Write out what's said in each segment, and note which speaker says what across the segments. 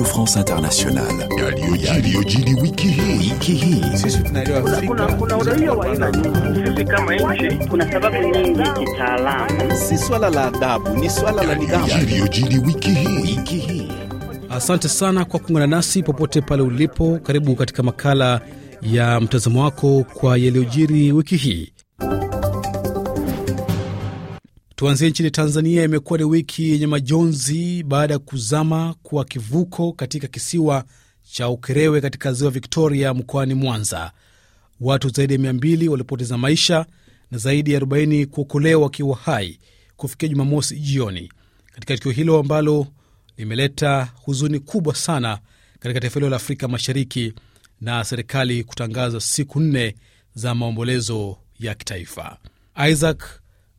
Speaker 1: Radio France
Speaker 2: Internationale.
Speaker 1: Asante sana kwa kuungana nasi popote pale ulipo. Karibu katika makala ya mtazamo wako kwa yaliyojiri wiki hii. Tuanzie nchini Tanzania. Imekuwa ni wiki yenye majonzi baada ya kuzama kwa kivuko katika kisiwa cha Ukerewe katika ziwa Victoria mkoani Mwanza. Watu zaidi ya 200 walipoteza maisha na zaidi ya 40 kuokolewa wakiwa hai kufikia Jumamosi jioni katika tukio hilo ambalo limeleta huzuni kubwa sana katika taifa hilo la Afrika Mashariki na serikali kutangaza siku nne za maombolezo ya kitaifa. Isaac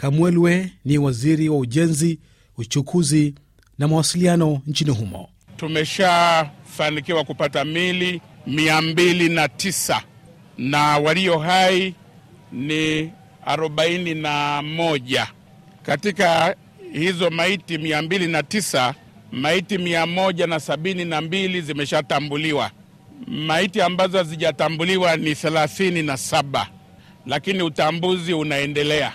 Speaker 1: Kamwelwe ni waziri wa ujenzi, uchukuzi na mawasiliano nchini humo.
Speaker 2: Tumeshafanikiwa kupata mili mia na tisa na walio hai ni 41. Katika hizo maiti mia na tisa, maiti mia moja na sabini na mbili zimeshatambuliwa. Maiti ambazo hazijatambuliwa ni 37, saba, lakini utambuzi unaendelea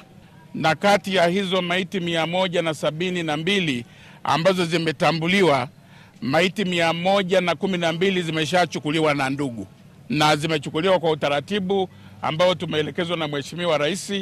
Speaker 2: na kati ya hizo maiti mia moja na sabini na mbili ambazo zimetambuliwa maiti mia moja na kumi na mbili zimeshachukuliwa na ndugu na zimechukuliwa kwa utaratibu ambao tumeelekezwa na Mheshimiwa Rais.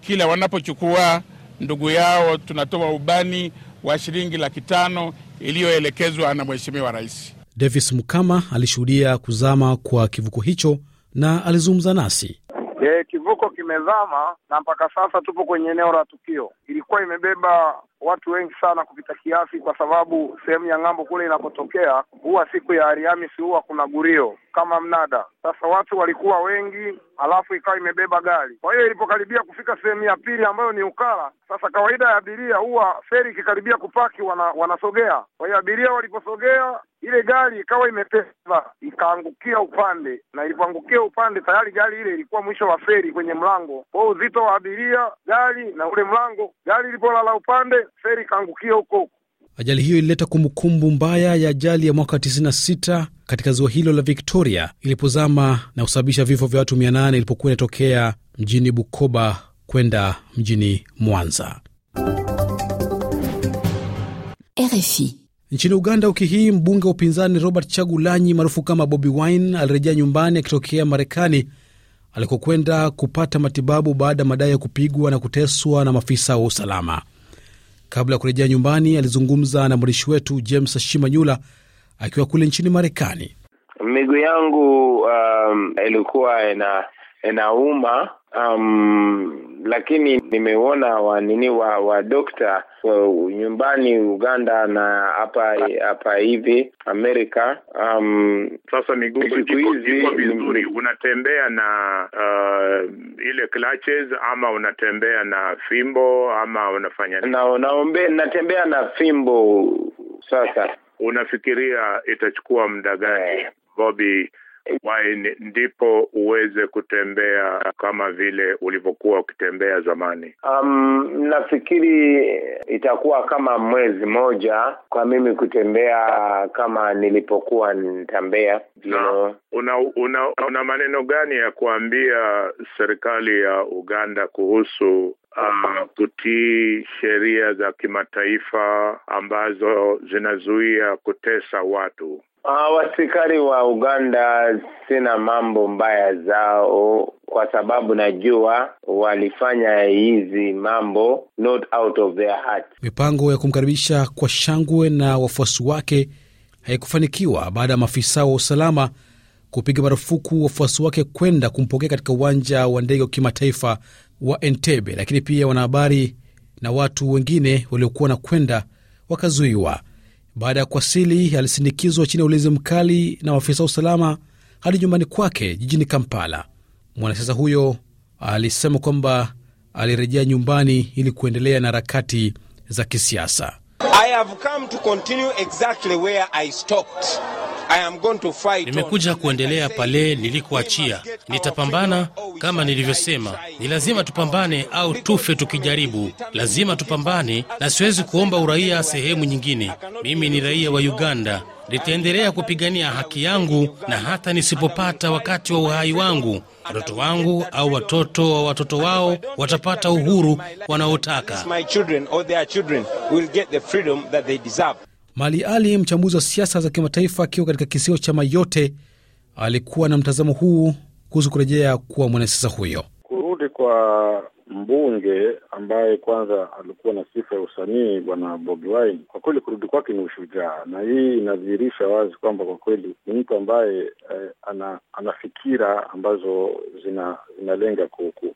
Speaker 2: Kila wanapochukua ndugu yao tunatoa ubani wa shilingi laki tano iliyoelekezwa na Mheshimiwa Rais.
Speaker 1: Davis Mukama alishuhudia kuzama kwa kivuko hicho na alizungumza nasi
Speaker 3: E, kivuko kimezama na mpaka sasa tupo kwenye eneo la tukio. Ilikuwa imebeba watu wengi sana kupita kiasi, kwa sababu sehemu ya ng'ambo kule inapotokea huwa siku ya Alhamisi huwa kuna gurio kama mnada. Sasa watu walikuwa wengi, alafu ikawa imebeba gari. Kwa hiyo ilipokaribia kufika sehemu ya pili ambayo ni Ukala, sasa kawaida ya abiria huwa feri ikikaribia kupaki wana, wanasogea. Kwa hiyo abiria waliposogea ile gari ikawa imepeva ikaangukia upande, na ilipoangukia upande tayari gari ile ilikuwa mwisho wa feri kwenye mlango, kwa uzito wa abiria, gari na ule mlango, gari ilipolala upande, feri ikaangukia huko huko.
Speaker 1: Ajali hiyo ilileta kumbukumbu mbaya ya ajali ya mwaka 96 katika ziwa hilo la Victoria ilipozama na kusababisha vifo vya watu 800 ilipokuwa inatokea mjini Bukoba kwenda mjini Mwanza. RFI Nchini Uganda wiki hii mbunge wa upinzani Robert Chagulanyi maarufu kama Bobi Wine alirejea nyumbani akitokea Marekani alikokwenda kupata matibabu baada ya madai ya kupigwa na kuteswa na maafisa wa usalama. Kabla ya kurejea nyumbani, alizungumza na mwandishi wetu James Shimanyula akiwa kule nchini Marekani.
Speaker 2: Miguu yangu um, ilikuwa ina inauma um, lakini nimeona wa nini wa wa dokta nyumbani Uganda na hapa hapa hivi Amerika. Um, sasa miguu hizi vizuri, unatembea na uh, ile clutches ama unatembea na fimbo ama unafanya na, naombe natembea na fimbo sasa. Unafikiria itachukua muda gani eh. Bobby waende, ndipo uweze kutembea kama vile ulivyokuwa ukitembea zamani? Um, nafikiri itakuwa kama mwezi moja kwa mimi kutembea kama nilipokuwa nitambea. No. Una, una, una maneno gani ya kuambia serikali ya Uganda kuhusu Uh, kutii sheria za kimataifa ambazo zinazuia kutesa watu. Uh, wasikari wa Uganda sina mambo mbaya zao kwa sababu najua walifanya hizi mambo not out of their heart.
Speaker 1: Mipango ya kumkaribisha kwa shangwe na wafuasi wake haikufanikiwa baada ya maafisa wa usalama kupiga marufuku wafuasi wake kwenda kumpokea katika uwanja wa ndege wa kimataifa wa Entebbe, lakini pia wanahabari na watu wengine waliokuwa na kwenda wakazuiwa. Baada ya kuwasili, alisindikizwa chini ya ulinzi mkali na maafisa wa usalama hadi nyumbani kwake jijini Kampala. Mwanasiasa huyo alisema kwamba alirejea nyumbani ili kuendelea na harakati
Speaker 4: za kisiasa.
Speaker 2: I have come to continue exactly where I stopped.
Speaker 4: Nimekuja kuendelea pale nilikuachia. Nitapambana kama nilivyosema, ni lazima tupambane au tufe tukijaribu. Lazima tupambane, na siwezi kuomba uraia sehemu nyingine. Mimi ni raia wa Uganda, nitaendelea kupigania haki yangu, na hata nisipopata wakati wa uhai wangu, watoto wangu au watoto wa watoto wao watapata uhuru wanaotaka.
Speaker 1: Mali Ali, mchambuzi wa siasa za kimataifa, akiwa katika kisiwa cha Mayote, alikuwa na mtazamo huu kuhusu kurejea kuwa mwanasiasa
Speaker 3: huyo. Kurudi kwa mbunge ambaye kwanza alikuwa na sifa ya usanii, bwana Bobi Wine, kwa kweli kurudi kwake ni ushujaa, na hii inadhihirisha wazi kwamba kwa kweli ni mtu ambaye eh, ana, ana fikira ambazo zina, zinalenga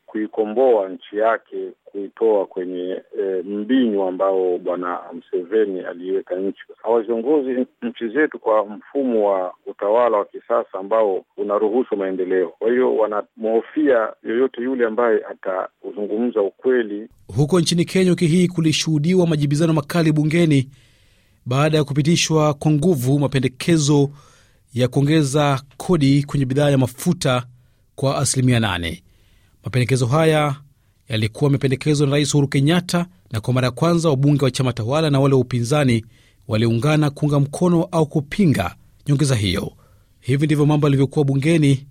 Speaker 3: kuikomboa nchi yake kuitoa kwenye eh, mbinyu ambao bwana Mseveni aliiweka nchi. Hawaziongozi nchi zetu kwa mfumo wa utawala wa kisasa ambao unaruhusu maendeleo. Kwa hiyo wanamhofia yoyote yule ambaye ata kuzungumza ukweli.
Speaker 1: Huko nchini Kenya wiki hii kulishuhudiwa majibizano makali bungeni baada ya kupitishwa kwa nguvu mapendekezo ya kuongeza kodi kwenye bidhaa ya mafuta kwa asilimia 8. Mapendekezo haya yalikuwa mapendekezo na Rais Uhuru Kenyatta, na kwa mara ya kwanza wabunge wa chama tawala na wale wa upinzani waliungana kuunga mkono au kupinga nyongeza hiyo. Hivi ndivyo mambo yalivyokuwa bungeni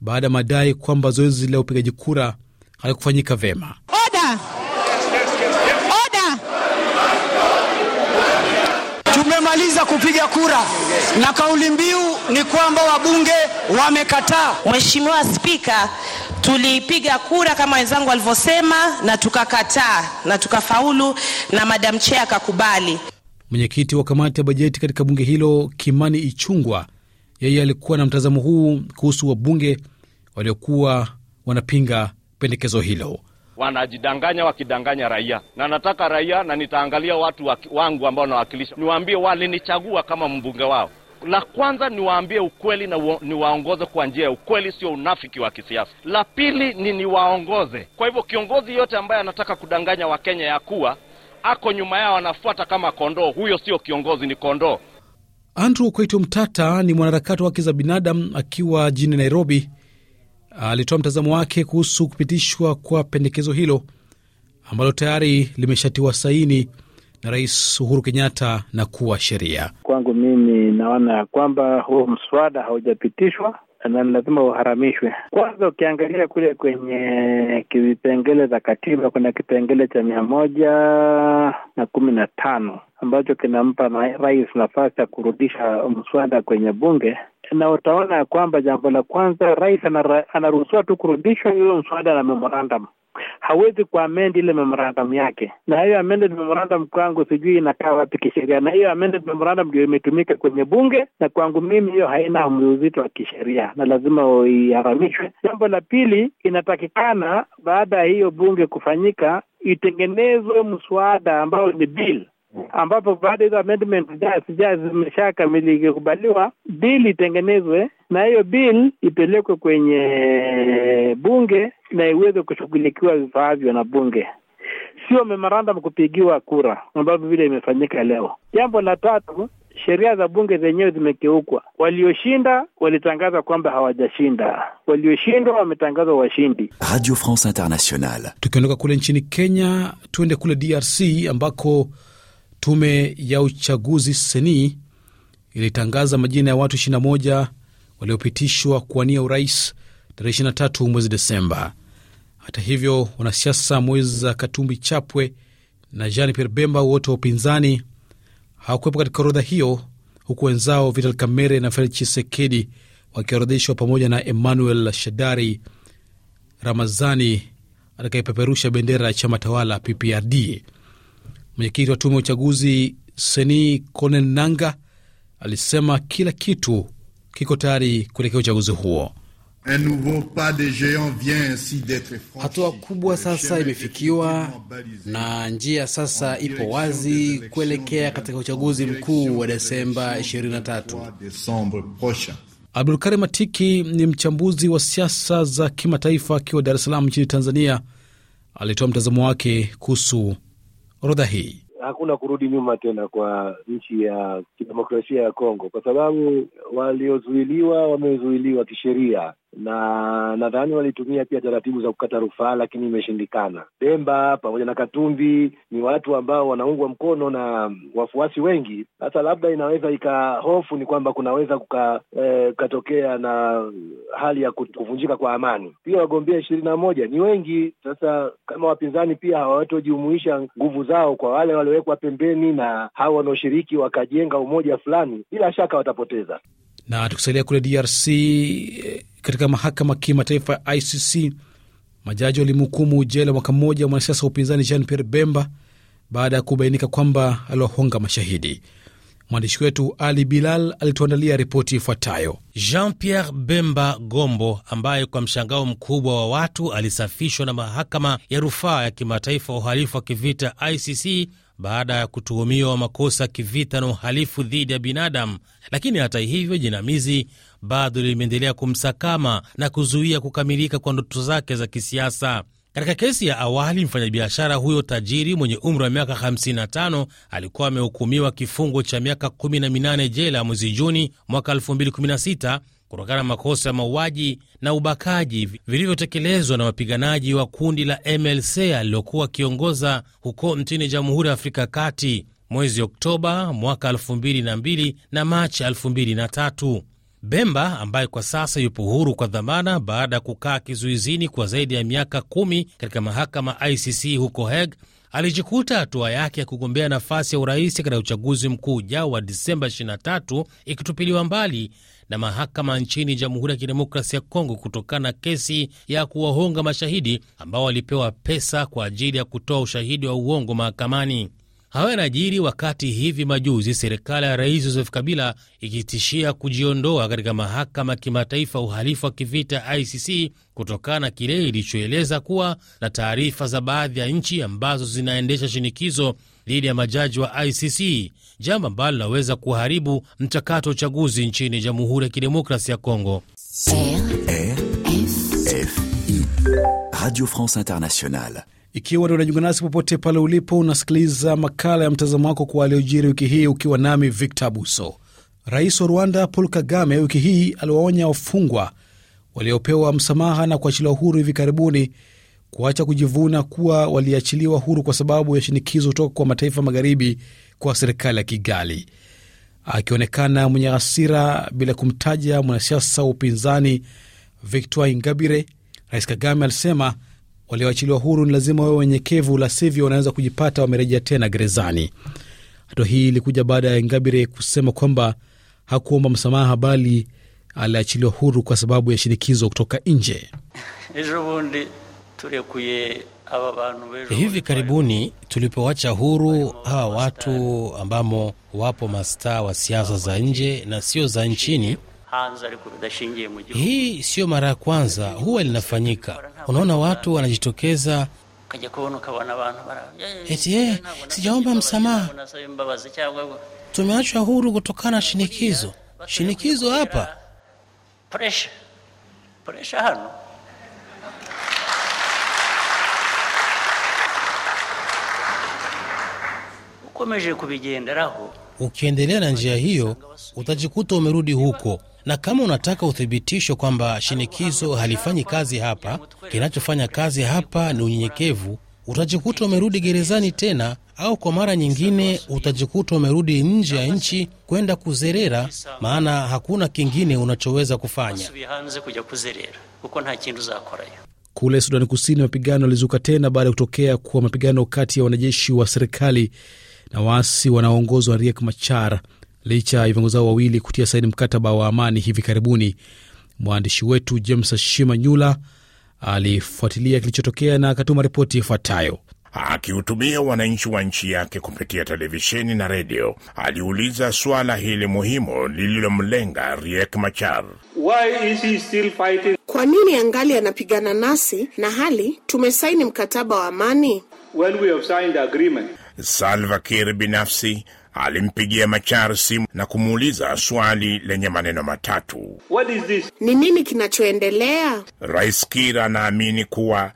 Speaker 1: baada ya madai kwamba zoezi la upigaji kura haikufanyika vema.
Speaker 3: Oda! Oda! Tumemaliza kupiga kura na kauli
Speaker 4: mbiu ni kwamba wabunge wamekataa. Mheshimiwa Spika, tulipiga kura kama wenzangu walivyosema, na tukakataa na tukafaulu, na madam chair akakubali.
Speaker 1: Mwenyekiti wa kamati ya bajeti katika bunge hilo Kimani Ichungwa, yeye alikuwa na mtazamo huu kuhusu wabunge waliokuwa wanapinga pendekezo hilo.
Speaker 4: Wanajidanganya wakidanganya raia, na nataka raia, na nitaangalia watu wangu ambao nawakilisha, niwaambie walinichagua kama mbunge wao. La kwanza niwaambie ukweli na niwaongoze kwa njia ya ukweli, sio unafiki wa kisiasa. La pili ni niwaongoze. Kwa hivyo kiongozi yote ambaye anataka kudanganya Wakenya ya kuwa ako nyuma yao anafuata kama kondoo, huyo sio kiongozi, ni kondoo.
Speaker 1: Andrew Kwaito Mtata ni mwanaharakati wa haki za binadamu akiwa jijini Nairobi alitoa mtazamo wake kuhusu kupitishwa kwa pendekezo hilo ambalo tayari limeshatiwa saini na Rais Uhuru Kenyatta na kuwa sheria.
Speaker 3: Kwangu mimi naona ya kwamba huo mswada haujapitishwa na lazima uharamishwe kwanza. Ukiangalia kule kwenye vipengele za katiba, kuna kipengele cha mia moja na kumi na tano ambacho kinampa rais nafasi ya kurudisha mswada kwenye bunge, na utaona kwamba jambo la kwanza, rais anaruhusiwa tu kurudishwa hiyo mswada na memorandum hawezi kuamendi ile memorandum yake, na hiyo amended memorandum kwangu sijui inakaa wapi kisheria, na hiyo amended memorandum ndio imetumika kwenye bunge, na kwangu mimi hiyo haina uzito wa kisheria na lazima iharamishwe. Jambo la pili, inatakikana baada ya hiyo bunge kufanyika itengenezwe mswada ambao ni bill ambapo baada hizo amendment zijaa zimeshakamilika ikikubaliwa, bill itengenezwe na hiyo bill ipelekwe kwenye bunge na iweze kushughulikiwa vifaavyo na bunge, sio memorandum kupigiwa kura ambavyo vile imefanyika leo. Jambo la tatu, sheria za bunge zenyewe zimekeukwa Walioshinda walitangaza kwamba hawajashinda, walioshindwa wametangazwa washindi. Radio France international
Speaker 1: Tukiondoka kule nchini Kenya, tuende kule DRC ambako Tume ya uchaguzi seni ilitangaza majina ya watu 21 waliopitishwa kuwania urais tarehe 23 mwezi Desemba. Hata hivyo, wanasiasa za Katumbi Chapwe na Jean Pierre Bemba, wote wa upinzani, hawakuwepo katika orodha hiyo, huku wenzao Vital Kamerhe na Felix Tshisekedi wakiorodheshwa pamoja na Emmanuel Shadari Ramazani atakayepeperusha bendera ya chama tawala PPRD. Mwenyekiti wa tume ya uchaguzi Seni Konen Nanga alisema kila kitu kiko tayari kuelekea uchaguzi huo. Hatua kubwa sasa imefikiwa na njia sasa ipo wazi kuelekea katika uchaguzi mkuu wa Desemba 23. Karim Atiki ni mchambuzi wa siasa za kimataifa akiwa Dar es Salaam nchini Tanzania. Alitoa mtazamo wake kuhusu orodha hii?
Speaker 3: Hakuna kurudi nyuma tena kwa nchi ya kidemokrasia ya Kongo, kwa sababu waliozuiliwa wamezuiliwa kisheria na nadhani walitumia pia taratibu za kukata rufaa, lakini imeshindikana. Demba pamoja na Katumbi ni watu ambao wanaungwa mkono na wafuasi wengi. Sasa labda inaweza ikahofu ni kwamba kunaweza kukatokea eh, e, katokea na hali ya kuvunjika kwa amani. Pia wagombea ishirini na moja ni wengi. Sasa kama wapinzani pia hawatojumuisha nguvu zao kwa wale waliowekwa pembeni na hawa wanaoshiriki wakajenga umoja fulani, bila shaka watapoteza.
Speaker 1: Na tukisalia kule DRC katika mahakama ya kimataifa ya ICC, majaji walimhukumu jela mwaka mmoja wa mwanasiasa wa upinzani Jean Pierre Bemba baada ya kubainika kwamba aliwahonga mashahidi. Mwandishi wetu Ali Bilal alituandalia ripoti
Speaker 4: ifuatayo. Jean Pierre Bemba Gombo, ambaye kwa mshangao mkubwa wa watu alisafishwa na mahakama ya rufaa ya kimataifa wa uhalifu wa kivita ICC baada ya kutuhumiwa makosa ya kivita na uhalifu dhidi ya binadamu, lakini hata hivyo jinamizi bado limeendelea kumsakama na kuzuia kukamilika kwa ndoto zake za kisiasa. Katika kesi ya awali, mfanyabiashara huyo tajiri mwenye umri wa miaka 55 alikuwa amehukumiwa kifungo cha miaka 18 jela mwezi Juni mwaka 2016 kutokana na makosa ya mauaji na ubakaji vilivyotekelezwa na wapiganaji wa kundi la MLC alilokuwa akiongoza huko nchini Jamhuri ya Afrika ya Kati mwezi Oktoba mwaka 2002 na Machi 2003. Bemba ambaye kwa sasa yupo huru kwa dhamana baada ya kukaa kizuizini kwa zaidi ya miaka kumi katika mahakama ICC huko Hague alijikuta hatua yake ya kugombea nafasi ya urais katika uchaguzi mkuu ujao wa Disemba 23 ikitupiliwa mbali na mahakama nchini Jamhuri ya kidemokrasi ya Kongo kutokana na kesi ya kuwahonga mashahidi ambao walipewa pesa kwa ajili ya kutoa ushahidi wa uongo mahakamani. Hayo yanajiri wakati hivi majuzi serikali ya Rais Joseph Kabila ikitishia kujiondoa katika mahakama ya kimataifa uhalifu wa kivita ICC kutokana na kile ilichoeleza kuwa na taarifa za baadhi ya nchi ambazo zinaendesha shinikizo dhidi ya majaji wa ICC, jambo ambalo linaweza kuharibu mchakato wa uchaguzi nchini Jamhuri ya Kidemokrasi ya Kongo.
Speaker 3: Radio France Internationale
Speaker 1: ikiwa ndio unajiunga nasi popote pale ulipo, unasikiliza makala ya mtazamo wako kwa aliyojiri wiki hii, ukiwa nami Victor Buso. Rais wa Rwanda Paul Kagame wiki hii aliwaonya wafungwa waliopewa msamaha na kuachiliwa huru hivi karibuni kuacha kujivuna kuwa waliachiliwa huru kwa sababu ya shinikizo kutoka kwa mataifa magharibi kwa serikali ya Kigali. Akionekana mwenye hasira bila kumtaja mwanasiasa wa upinzani Victoire Ingabire, Rais Kagame alisema walioachiliwa huru ni lazima wawe wenyekevu, la sivyo wanaweza kujipata wamerejea tena gerezani. Hatua hii ilikuja baada ya ngabire kusema kwamba hakuomba msamaha bali aliachiliwa huru kwa sababu ya shinikizo kutoka nje.
Speaker 3: Hivi
Speaker 4: karibuni tulipowacha huru hawa watu ambamo wapo mastaa wa siasa za nje na sio za nchini, hii siyo mara ya kwanza, huwa linafanyika. Unaona, watu wanajitokeza eti sijaomba msamaha, tumeachwa huru kutokana na shinikizo. Shinikizo hapa
Speaker 3: ukomeje kubigenderaho
Speaker 4: Ukiendelea na njia hiyo, utajikuta umerudi huko, na kama unataka uthibitisho kwamba shinikizo halifanyi kazi hapa, kinachofanya kazi hapa ni unyenyekevu, utajikuta umerudi gerezani tena, au kwa mara nyingine utajikuta umerudi nje ya nchi kwenda kuzerera, maana hakuna kingine unachoweza kufanya. Kule
Speaker 1: Sudani Kusini, mapigano yalizuka tena baada ya kutokea kwa mapigano kati ya wanajeshi wa serikali na waasi wanaoongozwa Riek Machar, licha ya viongozi hao wawili kutia saini mkataba wa amani hivi karibuni. Mwandishi wetu James Shima Nyula alifuatilia kilichotokea na akatuma ripoti ifuatayo.
Speaker 2: Akihutubia wananchi wa nchi yake kupitia televisheni na redio, aliuliza suala hili muhimu lililomlenga Riek Machar.
Speaker 3: Why is he still fighting?
Speaker 4: Kwa nini angali anapigana nasi na hali tumesaini mkataba wa amani?
Speaker 2: When we have signed agreement Salva kir binafsi alimpigia Machar simu na kumuuliza swali lenye maneno matatu:
Speaker 4: What is this? Ni nini kinachoendelea?
Speaker 2: Rais kir anaamini kuwa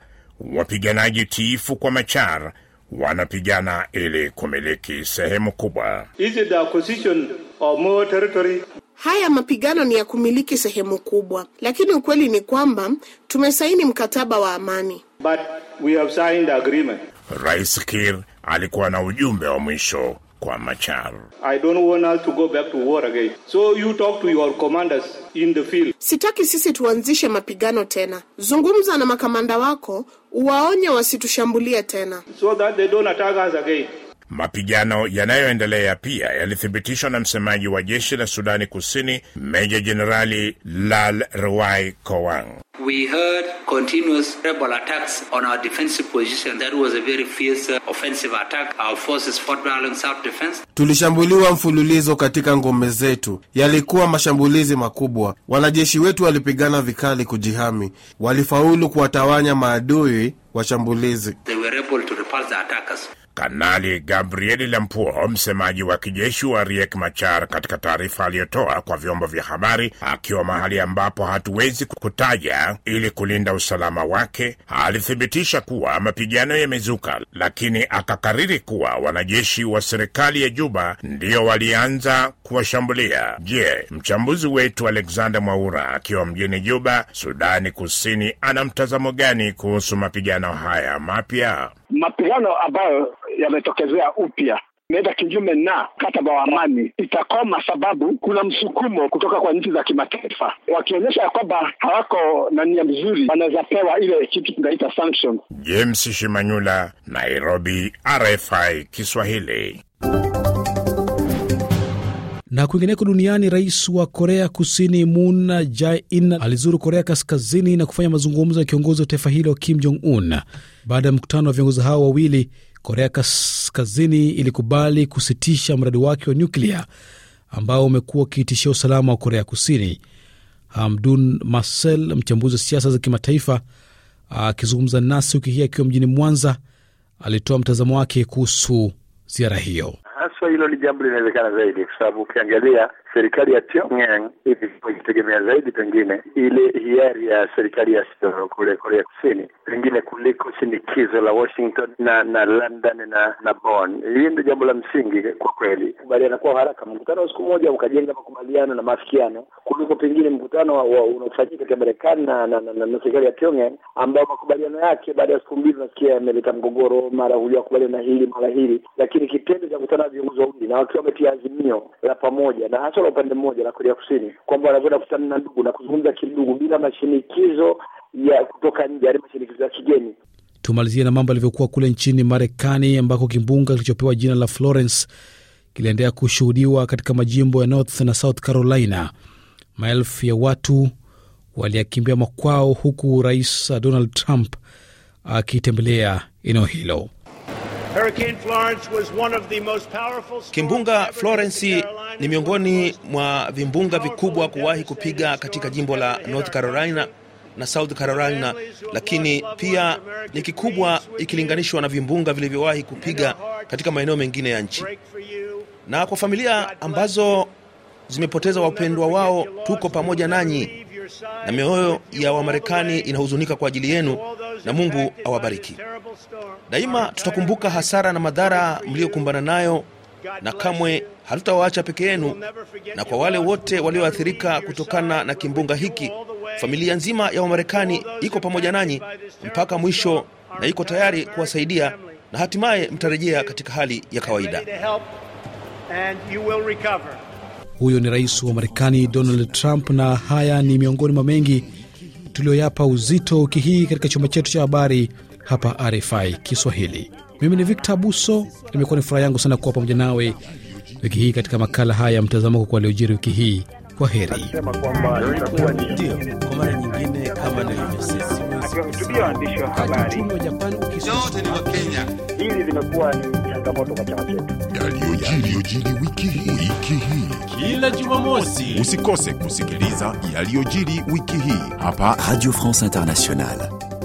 Speaker 2: wapiganaji tiifu kwa Machar wanapigana ili kumiliki sehemu kubwa.
Speaker 3: Is it the acquisition of more territory? Haya mapigano
Speaker 4: ni ya kumiliki sehemu kubwa, lakini ukweli ni kwamba tumesaini mkataba wa amani.
Speaker 3: But we have signed agreement.
Speaker 2: Rais kir alikuwa na ujumbe wa
Speaker 3: mwisho kwa Machar. I don't want us to go back to war again. So you talk to your commanders in the field.
Speaker 4: Sitaki sisi tuanzishe mapigano tena. Zungumza na makamanda wako, uwaonye wasitushambulie tena.
Speaker 3: So that they don't attack us again. Mapigano
Speaker 2: yanayoendelea pia yalithibitishwa na msemaji wa jeshi la Sudani Kusini, Meja Jenerali Lal Ruwai Kowang.
Speaker 4: We heard continuous rebel attacks on our defensive position. That was a very fierce uh, offensive attack. Our forces fought well
Speaker 3: in defense
Speaker 4: Tulishambuliwa mfululizo katika ngome zetu, yalikuwa mashambulizi makubwa. Wanajeshi wetu walipigana vikali kujihami, walifaulu kuwatawanya maadui washambulizi.
Speaker 2: They were able to
Speaker 4: repulse the attackers.
Speaker 2: Kanali Gabriel Lampuo, msemaji wa kijeshi wa Riek Machar, katika taarifa aliyotoa kwa vyombo vya habari akiwa mahali ambapo hatuwezi kutaja ili kulinda usalama wake, alithibitisha kuwa mapigano yamezuka, lakini akakariri kuwa wanajeshi wa serikali ya Juba ndiyo walianza kuwashambulia. Je, mchambuzi wetu Alexander Mwaura akiwa mjini Juba, Sudani Kusini, ana mtazamo gani kuhusu mapigano haya mapya?
Speaker 3: mapigano ambayo yametokezea upya inaenda kinyume na mkataba wa amani itakoma, sababu kuna msukumo kutoka kwa nchi za kimataifa, wakionyesha ya kwamba hawako na nia mzuri, wanaweza pewa ile kitu tunaita sanction.
Speaker 2: James Shimanyula, Nairobi, RFI Kiswahili.
Speaker 1: Na kwingineko duniani, rais wa Korea Kusini Moon Jae-in alizuru Korea Kaskazini na kufanya mazungumzo na kiongozi wa taifa hilo Kim Jong Un. Baada ya mkutano wa viongozi hao wawili, Korea Kaskazini ilikubali kusitisha mradi wake wa nyuklia ambao umekuwa ukiitishia usalama wa Korea Kusini. Hamdun Marcel, mchambuzi wa siasa za kimataifa, akizungumza nasi wiki hii akiwa mjini Mwanza, alitoa mtazamo wake kuhusu ziara hiyo
Speaker 3: haswa hilo ni jambo linawezekana zaidi, kwa sababu ukiangalia serikali ya Pyongyang ikitegemea zaidi pengine ile hiari ya serikali ya kule Korea Kusini, pengine kuliko shinikizo la Washington na na London na na Bonn. Hili ndio jambo la msingi kwa kweli, kubaliana kwa haraka, mkutano wa siku moja ukajenga makubaliano na maafikiano kuliko pengine mkutano unaofanyika katika Marekani na na, na, na, na serikali ya Pyongyang ambayo makubaliano yake baada ya siku mbili nasikia yameleta mgogoro, mara hujakubaliana hili mara hili, lakini kitendo cha kukutana kuzungumza na wakiwa wametia azimio la pamoja na hasa la upande mmoja la Korea Kusini kwamba wanakwenda kukutana na ndugu na kuzungumza kidugu bila mashinikizo ya kutoka nje, yaani mashinikizo ya kigeni.
Speaker 1: Tumalizie na mambo yalivyokuwa kule nchini Marekani ambako kimbunga kilichopewa jina la Florence kiliendelea kushuhudiwa katika majimbo ya North na South Carolina. Maelfu ya watu waliyakimbia makwao, huku Rais Donald Trump akitembelea eneo hilo.
Speaker 4: Kimbunga Florence ni miongoni mwa vimbunga vikubwa kuwahi kupiga katika jimbo la North Carolina na South Carolina, lakini pia ni kikubwa ikilinganishwa na vimbunga vilivyowahi kupiga katika maeneo mengine ya nchi. Na kwa familia ambazo zimepoteza wapendwa wao, tuko pamoja nanyi, na mioyo ya Wamarekani inahuzunika kwa ajili yenu na Mungu awabariki daima. Tutakumbuka hasara na madhara mliyokumbana nayo na kamwe hatutawaacha peke yenu. Na kwa wale wote walioathirika kutokana na kimbunga hiki, familia nzima ya Wamarekani iko pamoja nanyi mpaka mwisho na iko tayari kuwasaidia, na hatimaye mtarejea katika hali ya kawaida.
Speaker 1: Huyo ni rais wa Marekani Donald Trump, na haya ni miongoni mwa mengi tuliyoyapa uzito wiki hii katika chumba chetu cha habari hapa RFI Kiswahili. Mimi ni Victor Buso, imekuwa ni furaha yangu sana kuwa pamoja nawe wiki hii katika makala haya ya mtazamo wako kwa yaliyojiri wiki hii. Kwa heri.
Speaker 3: kwa changamoto kwa chama chetu.
Speaker 2: Yaliyojiri wiki hii, wiki hii kila Jumamosi usikose kusikiliza
Speaker 3: yaliyojiri wiki hii hapa Radio France Internationale.